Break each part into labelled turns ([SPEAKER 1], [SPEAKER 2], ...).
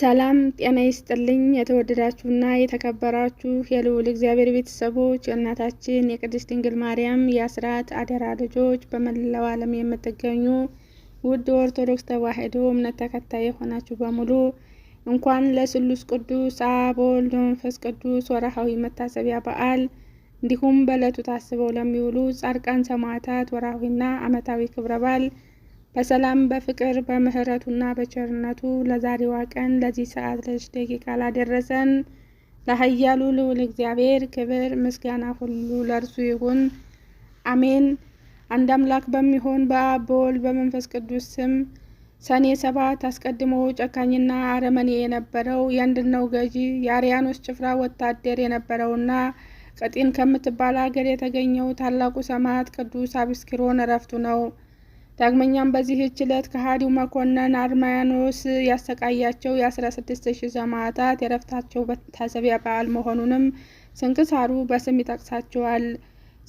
[SPEAKER 1] ሰላም ጤና ይስጥልኝ። የተወደዳችሁና የተከበራችሁ የልዑል እግዚአብሔር ቤተሰቦች የእናታችን የቅድስት ድንግል ማርያም የአስራት አደራ ልጆች፣ በመላው ዓለም የምትገኙ ውድ ኦርቶዶክስ ተዋሕዶ እምነት ተከታይ የሆናችሁ በሙሉ እንኳን ለስሉስ ቅዱስ አብ ወልድ ቅዱስ ወርኃዊ መታሰቢያ በዓል እንዲሁም በዕለቱ ታስበው ለሚውሉ ጻድቃን ሰማዕታት ወርሃዊና ዓመታዊ ክብረ በዓል በሰላም በፍቅር በምህረቱና በቸርነቱ ለዛሬዋ ቀን ለዚህ ሰዓት ለች ደቂቃ ላደረሰን ለኃያሉ ልዑል እግዚአብሔር ክብር ምስጋና ሁሉ ለእርሱ ይሁን፣ አሜን። አንድ አምላክ በሚሆን በአብ በወልድ በመንፈስ ቅዱስ ስም ሰኔ ሰባት አስቀድሞ ጨካኝና አረመኔ የነበረው የአንድነው ገዢ የአርያኖስ ጭፍራ ወታደር የነበረውና ቀጢን ከምትባል አገር የተገኘው ታላቁ ሰማዕት ቅዱስ አብስኪሮን እረፍቱ ነው። ዳግመኛም በዚህች ዕለት ከሃዲው መኮንን አርማያኖስ ያሰቃያቸው የ16,000 ሰማዕታት የረፍታቸው መታሰቢያ በዓል መሆኑንም ስንክሳሩ በስም ይጠቅሳቸዋል።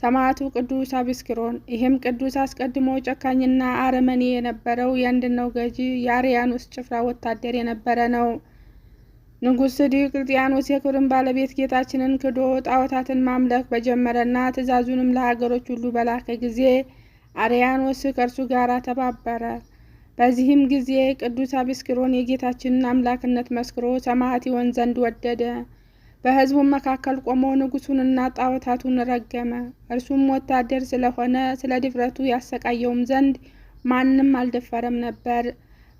[SPEAKER 1] ሰማዕቱ ቅዱስ አብስክሮን። ይህም ቅዱስ አስቀድሞ ጨካኝና አረመኔ የነበረው የአንድነው ገዢ የአርያኖስ ጭፍራ ወታደር የነበረ ነው። ንጉሥ ዲዮቅልጥያኖስ የክብርን ባለቤት ጌታችንን ክዶ ጣዖታትን ማምለክ በጀመረና ትእዛዙንም ለሀገሮች ሁሉ በላከ ጊዜ አርያኖስ ከእርሱ ጋር ተባበረ። በዚህም ጊዜ ቅዱስ አብስክሮን የጌታችንን አምላክነት መስክሮ ሰማዕት ይሆን ዘንድ ወደደ። በሕዝቡ መካከል ቆሞ ንጉሱንና ጣዖታቱን ረገመ። እርሱም ወታደር ስለሆነ ስለ ድፍረቱ ያሰቃየውም ዘንድ ማንም አልደፈረም ነበር።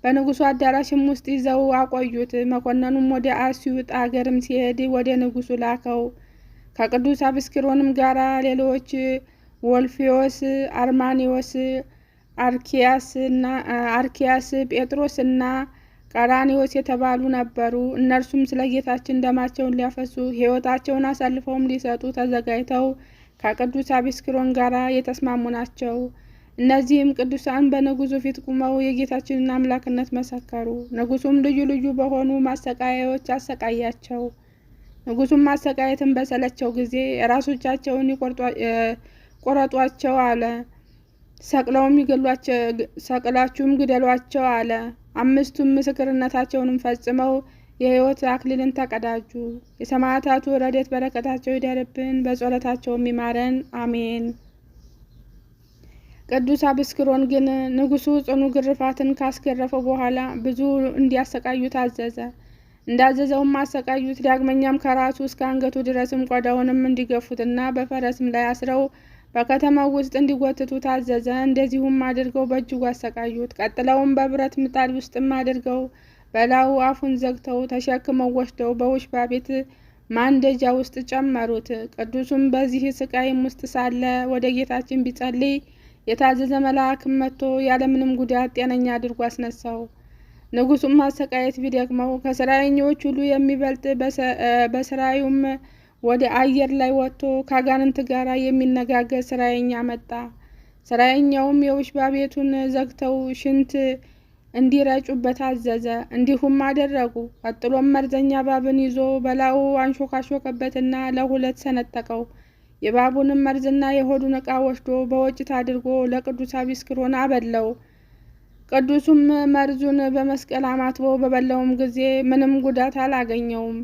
[SPEAKER 1] በንጉሱ አዳራሽም ውስጥ ይዘው አቆዩት። መኮንኑም ወደ አስዩጥ አገርም ሲሄድ ወደ ንጉሱ ላከው። ከቅዱስ አብስክሮንም ጋራ ሌሎች ወልፊዎስ አርማኒዎስ፣ አርኪያስ፣ ጴጥሮስ እና ቀራኒዎስ የተባሉ ነበሩ። እነርሱም ስለ ጌታችን ደማቸውን ሊያፈሱ ሕይወታቸውን አሳልፈውም ሊሰጡ ተዘጋጅተው ከቅዱስ አቢስክሮን ጋር የተስማሙ ናቸው። እነዚህም ቅዱሳን በንጉሱ ፊት ቁመው የጌታችንን አምላክነት መሰከሩ። ንጉሱም ልዩ ልዩ በሆኑ ማሰቃያዎች አሰቃያቸው። ንጉሱም ማሰቃየትን በሰለቸው ጊዜ ራሶቻቸውን ቆረጧቸው አለ። ሰቅለውም ሰቅላችሁም ግደሏቸው አለ። አምስቱም ምስክርነታቸውንም ፈጽመው የህይወት አክሊልን ተቀዳጁ። የሰማዕታቱ ረድኤት በረከታቸው ይደርብን፣ በጸሎታቸውም ይማረን፣ አሜን። ቅዱስ አብስክሮን ግን ንጉሡ ጽኑ ግርፋትን ካስገረፈው በኋላ ብዙ እንዲያሰቃዩት አዘዘ። እንዳዘዘውም አሰቃዩት። ዳግመኛም ከራሱ እስከ አንገቱ ድረስም ቆዳውንም እንዲገፉትና በፈረስም ላይ አስረው በከተማው ውስጥ እንዲጎትቱ ታዘዘ። እንደዚሁም አድርገው በእጅጉ አሰቃዩት። ቀጥለውም በብረት ምጣድ ውስጥም አድርገው በላዩ አፉን ዘግተው ተሸክመው ወስደው በውሽባ ቤት ማንደጃ ውስጥ ጨመሩት። ቅዱሱም በዚህ ስቃይም ውስጥ ሳለ ወደ ጌታችን ቢጸልይ የታዘዘ መልአክ መጥቶ ያለምንም ጉዳት ጤነኛ አድርጎ አስነሳው። ንጉሱም ማሰቃየት ቢደክመው ከሰራየኞች ሁሉ የሚበልጥ በሰራዩም ወደ አየር ላይ ወጥቶ ከአጋንንት ጋር የሚነጋገር ሰራየኛ መጣ። ሰራየኛውም የውሽባ ቤቱን ዘግተው ሽንት እንዲረጩበት አዘዘ። እንዲሁም አደረጉ። ቀጥሎም መርዘኛ ባብን ይዞ በላዩ አንሾካሾከበትና ለሁለት ሰነጠቀው። የባቡንም መርዝና የሆዱን ዕቃ ወስዶ በወጭት አድርጎ ለቅዱስ አቢስክሮን አበለው። ቅዱሱም መርዙን በመስቀል አማትቦ በበላውም ጊዜ ምንም ጉዳት አላገኘውም።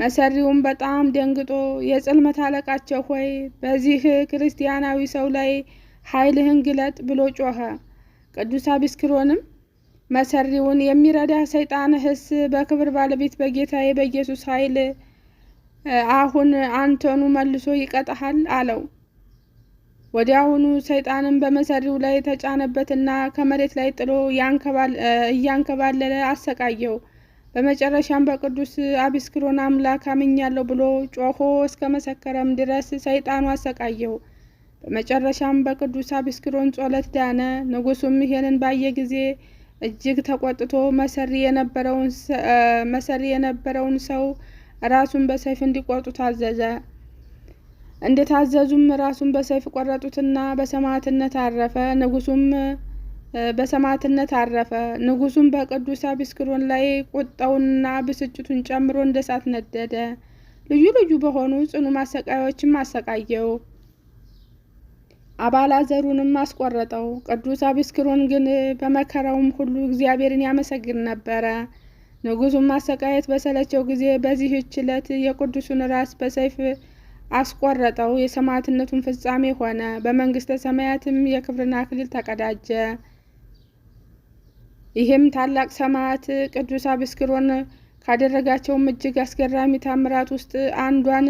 [SPEAKER 1] መሰሪውም በጣም ደንግጦ የጽልመት አለቃቸው ሆይ በዚህ ክርስቲያናዊ ሰው ላይ ኃይልህን ግለጥ ብሎ ጮኸ። ቅዱስ አብስክሮንም መሰሪውን የሚረዳ ሰይጣን ህስ በክብር ባለቤት በጌታዬ በኢየሱስ ኃይል አሁን አንተኑ መልሶ ይቀጣሃል አለው። ወዲያውኑ ሰይጣንን በመሰሪው ላይ ተጫነበትና ከመሬት ላይ ጥሎ እያንከባለለ አሰቃየው። በመጨረሻም በቅዱስ አብስክሮን አምላክ አምኛለሁ ብሎ ጮሆ እስከ መሰከረም ድረስ ሰይጣኑ አሰቃየው። በመጨረሻም በቅዱስ አብስክሮን ጸሎት ዳነ። ንጉሱም ይሄንን ባየ ጊዜ እጅግ ተቆጥቶ መሰሪ የነበረውን ሰው ራሱን በሰይፍ እንዲቆርጡ ታዘዘ። እንደታዘዙም ራሱን በሰይፍ ቆረጡትና በሰማዕትነት አረፈ። ንጉሱም በሰማዕትነት አረፈ። ንጉሱም በቅዱስ አብስክሮን ላይ ቁጣውንና ብስጭቱን ጨምሮ እንደ እሳት ነደደ። ልዩ ልዩ በሆኑ ጽኑ ማሰቃዮችም አሰቃየው። አባላዘሩንም አስቆረጠው። ቅዱስ አብስክሮን ግን በመከራውም ሁሉ እግዚአብሔርን ያመሰግን ነበረ። ንጉሱም ማሰቃየት በሰለቸው ጊዜ በዚህች ዕለት የቅዱሱን ራስ በሰይፍ አስቆረጠው። የሰማዕትነቱን ፍጻሜ ሆነ። በመንግስተ ሰማያትም የክብርን አክሊል ተቀዳጀ። ይህም ታላቅ ሰማዕት ቅዱስ አብስክሮን ካደረጋቸውም እጅግ አስገራሚ ታምራት ውስጥ አንዷን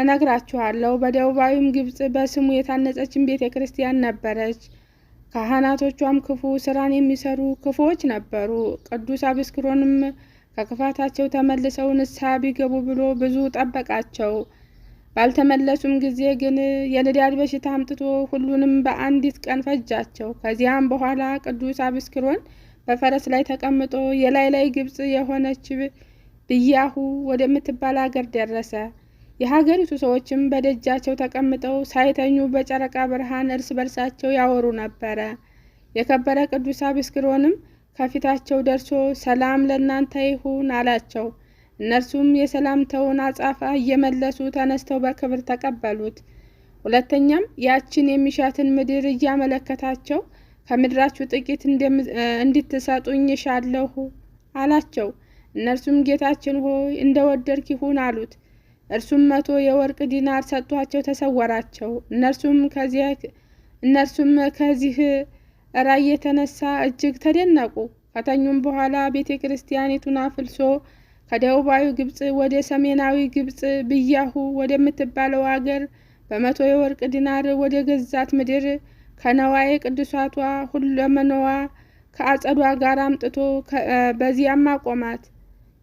[SPEAKER 1] እነግራችኋለሁ። በደቡባዊም ግብጽ በስሙ የታነጸችን ቤተ ክርስቲያን ነበረች። ካህናቶቿም ክፉ ስራን የሚሰሩ ክፉዎች ነበሩ። ቅዱስ አብስክሮንም ከክፋታቸው ተመልሰው ንስሐ ቢገቡ ብሎ ብዙ ጠበቃቸው። ባልተመለሱም ጊዜ ግን የንዳድ በሽታ አምጥቶ ሁሉንም በአንዲት ቀን ፈጃቸው። ከዚያም በኋላ ቅዱስ አብስክሮን በፈረስ ላይ ተቀምጦ የላይ ላይ ግብፅ የሆነች ብያሁ ወደምትባል አገር ደረሰ። የሀገሪቱ ሰዎችም በደጃቸው ተቀምጠው ሳይተኙ በጨረቃ ብርሃን እርስ በርሳቸው ያወሩ ነበረ። የከበረ ቅዱስ አብስክሮንም ከፊታቸው ደርሶ ሰላም ለእናንተ ይሁን አላቸው። እነርሱም የሰላምተውን አጻፋ እየመለሱ ተነስተው በክብር ተቀበሉት። ሁለተኛም ያችን የሚሻትን ምድር እያመለከታቸው ከምድራችሁ ጥቂት እንድትሰጡኝ እሻለሁ አላቸው። እነርሱም ጌታችን ሆይ እንደ ወደድክ ይሁን አሉት። እርሱም መቶ የወርቅ ዲናር ሰጥቷቸው ተሰወራቸው። እነርሱም ከዚያ እነርሱም ከዚህ ራእይ የተነሳ እጅግ ተደነቁ። ከተኙም በኋላ ቤተ ክርስቲያኒቱን አፍልሶ ከደቡባዊ ግብፅ ወደ ሰሜናዊ ግብፅ ብያሁ ወደምትባለው አገር በመቶ የወርቅ ዲናር ወደ ገዛት ምድር ከነዋዬ ቅዱሳቷ ሁለመነዋ ከአጸዷ ጋር አምጥቶ በዚያም አቆማት።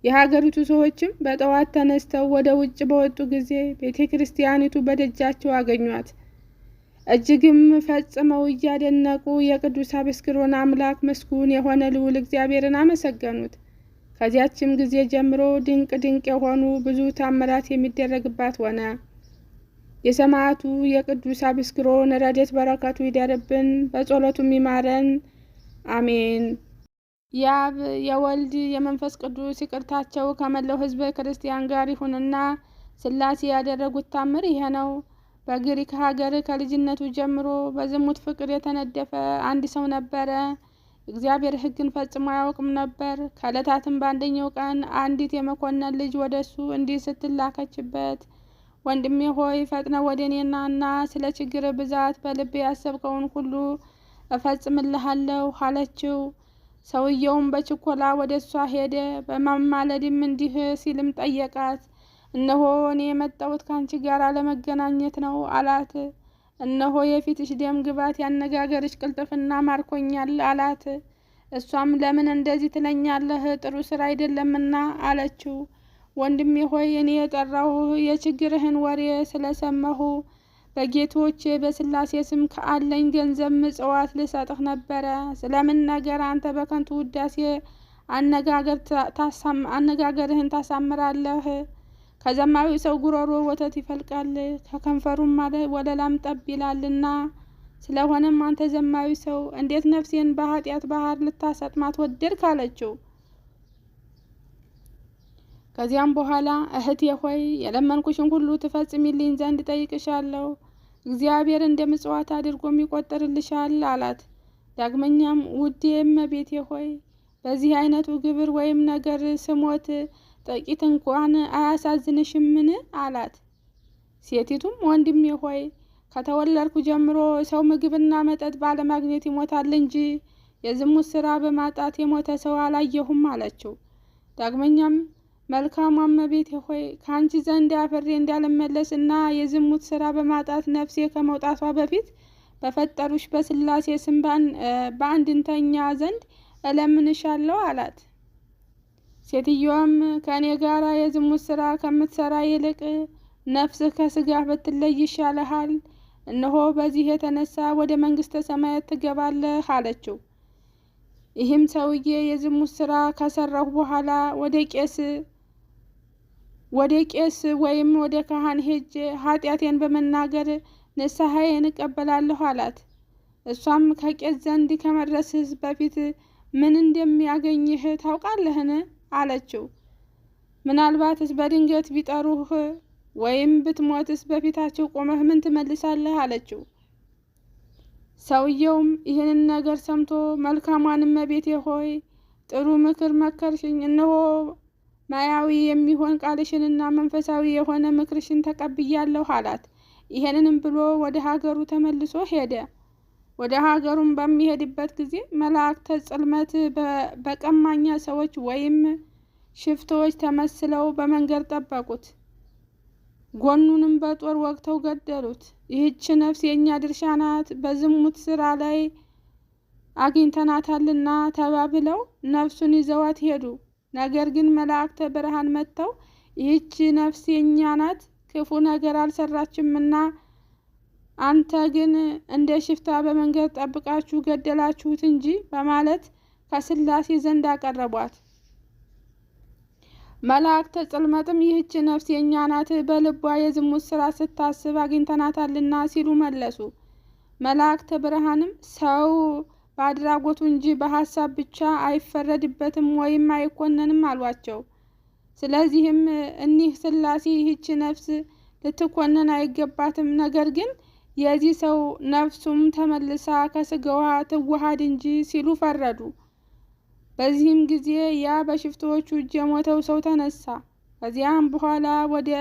[SPEAKER 1] የሀገሪቱ ሰዎችም በጠዋት ተነስተው ወደ ውጭ በወጡ ጊዜ ቤተ ክርስቲያኒቱ በደጃቸው አገኟት። እጅግም ፈጽመው እያደነቁ የቅዱስ አብስክሮን አምላክ ምስጉን የሆነ ልዑል እግዚአብሔርን አመሰገኑት። ከዚያችም ጊዜ ጀምሮ ድንቅ ድንቅ የሆኑ ብዙ ታምራት የሚደረግባት ሆነ። የሰማዕቱ የቅዱስ አብስክሮን ረድኤት በረከቱ ይደርብን፣ በጸሎቱም ይማረን አሜን። የአብ የወልድ የመንፈስ ቅዱስ ይቅርታቸው ከመላው ሕዝበ ክርስቲያን ጋር ይሁንና ሥላሴ ያደረጉት ታምር ይሄ ነው። በግሪክ ሀገር ከልጅነቱ ጀምሮ በዝሙት ፍቅር የተነደፈ አንድ ሰው ነበረ። እግዚአብሔር ሕግን ፈጽሞ አያውቅም ነበር። ከዕለታትም በአንደኛው ቀን አንዲት የመኮንን ልጅ ወደ እሱ እንዲህ ስትላከችበት ወንድሜ ሆይ ፈጥነ ወደ እኔና እና ስለ ችግር ብዛት በልብ ያሰብከውን ሁሉ እፈጽምልሃለሁ አለችው። ሰውየውም በችኮላ ወደ እሷ ሄደ። በማማለድም እንዲህ ሲልም ጠየቃት። እነሆ እኔ የመጣሁት ከአንቺ ጋር ለመገናኘት ነው አላት። እነሆ የፊትሽ ደም ግባት፣ ያነጋገርሽ ቅልጥፍና ማርኮኛል አላት። እሷም ለምን እንደዚህ ትለኛለህ? ጥሩ ስራ አይደለምና አለችው። ወንድሜ ሆይ እኔ የጠራሁ የችግርህን ወሬ ስለሰማሁ በጌቶች በስላሴ ስም ከአለኝ ገንዘብ ምጽዋት ልሰጥህ ነበረ። ስለምን ነገር አንተ በከንቱ ውዳሴ አነጋገርህን ታሳምራለህ? ከዘማዊ ሰው ጉሮሮ ወተት ይፈልቃል፣ ከከንፈሩም ወለላም ጠብ ይላልና። ስለሆነም አንተ ዘማዊ ሰው እንዴት ነፍሴን በኃጢአት ባህር ልታሰጥማት ወደድክ? አለችው። ከዚያም በኋላ እህቴ ሆይ የለመንኩሽን ሁሉ ትፈጽሚልኝ ዘንድ ጠይቅሻለሁ፣ እግዚአብሔር እንደ ምጽዋት አድርጎም ይቆጠርልሻል አላት። ዳግመኛም ውዴ እመቤቴ ሆይ በዚህ አይነቱ ግብር ወይም ነገር ስሞት ጥቂት እንኳን አያሳዝንሽምን? አላት። ሴቲቱም ወንድሜ ሆይ ከተወለድኩ ጀምሮ ሰው ምግብና መጠጥ ባለማግኘት ይሞታል እንጂ የዝሙት ስራ በማጣት የሞተ ሰው አላየሁም አለችው። ዳግመኛም መልካም እመቤቴ ሆይ ከአንቺ ዘንድ አፍሬ እንዳልመለስ እና የዝሙት ስራ በማጣት ነፍሴ ከመውጣቷ በፊት በፈጠሩሽ በስላሴ ስም በአንድንተኛ ዘንድ እለምንሻለሁ አላት። ሴትዮዋም ከእኔ ጋር የዝሙት ስራ ከምትሰራ ይልቅ ነፍስህ ከስጋ ብትለይ ይሻልሃል፣ እነሆ በዚህ የተነሳ ወደ መንግስተ ሰማያት ትገባለህ አለችው። ይህም ሰውዬ የዝሙት ስራ ከሰራሁ በኋላ ወደ ቄስ ወደ ቄስ ወይም ወደ ካህን ሄጄ ኃጢአቴን በመናገር ንስሐዬን እቀበላለሁ አላት። እሷም ከቄስ ዘንድ ከመድረስህ በፊት ምን እንደሚያገኝህ ታውቃለህን? አለችው። ምናልባትስ በድንገት ቢጠሩህ ወይም ብትሞትስ በፊታቸው ቆመህ ምን ትመልሳለህ? አለችው። ሰውየውም ይህንን ነገር ሰምቶ መልካሟን እመቤቴ ሆይ ጥሩ ምክር መከርሽኝ፣ እነሆ ማያዊ የሚሆን ቃልሽንና መንፈሳዊ የሆነ ምክርሽን ተቀብያለሁ አላት። ይሄንንም ብሎ ወደ ሀገሩ ተመልሶ ሄደ። ወደ ሀገሩን በሚሄድበት ጊዜ መላእክተ ጽልመት በቀማኛ ሰዎች ወይም ሽፍቶች ተመስለው በመንገድ ጠበቁት። ጎኑንም በጦር ወቅተው ገደሉት። ይህች ነፍስ የእኛ ድርሻ ናት፣ በዝሙት ስራ ላይ አግኝተናታልና ተባብለው ነፍሱን ይዘዋት ሄዱ። ነገር ግን መላእክተ ብርሃን መጥተው ይህች ነፍስ የእኛ ናት፣ ክፉ ነገር አልሰራችምና አንተ ግን እንደ ሽፍታ በመንገድ ጠብቃችሁ ገደላችሁት እንጂ በማለት ከስላሴ ዘንድ አቀረቧት። መላእክተ ጽልመትም ይህች ነፍስ የእኛ ናት፣ በልቧ የዝሙት ስራ ስታስብ አግኝተናታልና ሲሉ መለሱ። መላእክተ ብርሃንም ሰው በአድራጎቱ እንጂ በሀሳብ ብቻ አይፈረድበትም ወይም አይኮነንም አሏቸው። ስለዚህም እኒህ ስላሴ ይህች ነፍስ ልትኮነን አይገባትም፣ ነገር ግን የዚህ ሰው ነፍሱም ተመልሳ ከስጋዋ ትዋሃድ እንጂ ሲሉ ፈረዱ። በዚህም ጊዜ ያ በሽፍቶቹ እጅ የሞተው ሰው ተነሳ። ከዚያም በኋላ ወደ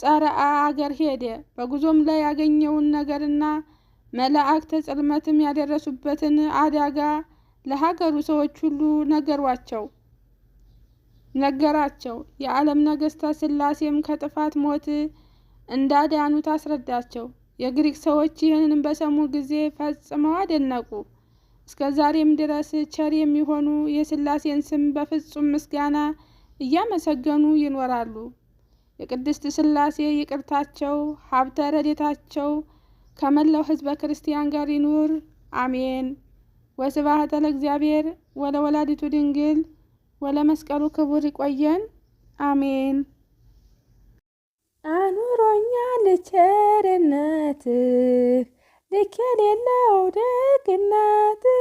[SPEAKER 1] ጸረአ አገር ሄደ። በጉዞም ላይ ያገኘውን ነገርና መላእክተ ጽልመትም ያደረሱበትን አደጋ ለሀገሩ ሰዎች ሁሉ ነገሯቸው ነገራቸው። የዓለም ነገስታት ስላሴም ከጥፋት ሞት እንዳዳኑት አስረዳቸው። የግሪክ ሰዎች ይህንን በሰሙ ጊዜ ፈጽመው አደነቁ። እስከ ዛሬም ድረስ ቸር የሚሆኑ የስላሴን ስም በፍጹም ምስጋና እያመሰገኑ ይኖራሉ። የቅድስት ስላሴ ይቅርታቸው፣ ሀብተ ረዴታቸው፣ ከመላው ህዝበ ክርስቲያን ጋር ይኑር፣ አሜን። ወስብሐት ለእግዚአብሔር ወለወላዲቱ ድንግል ወለመስቀሉ ክቡር። ይቆየን፣ አሜን።
[SPEAKER 2] አኑሮኛ ልቸርነት ልክ የሌለው ደግነትህ፣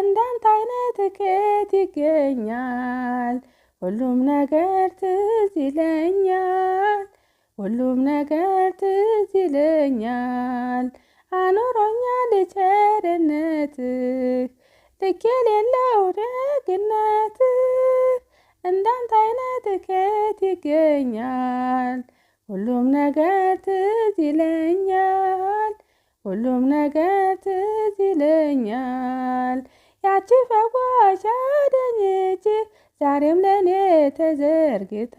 [SPEAKER 2] እንዳንተ አይነት ከየት ይገኛል? ሁሉም ነገር ትዝ ይለኛል። ሁሉም ነገር ትዝ ይለኛል። አኖሮኛል ቸርነትህ ልክ የሌለው ደግነትህ እንዳንተ አይነት ከየት ይገኛል? ሁሉም ነገር ትዝ ይለኛል። ሁሉም ነገር ትዝ ይለኛል። ያቺ ፈዋሽ አዳኝ ዛሬም ለእኔ ተዘርግታ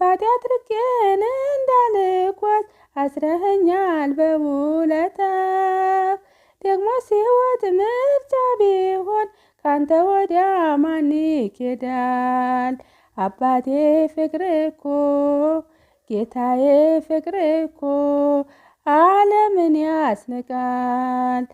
[SPEAKER 2] ባጢአት ርቄን እንዳልኳት አስረኸኛል በውለታ ደግሞ ሲወት ምርጫ ቢሆን ካንተ ወዲያ ማን ይኬዳል? አባቴ ፍቅር እኮ ጌታዬ ፍቅር እኮ ዓለምን ያስንቃል።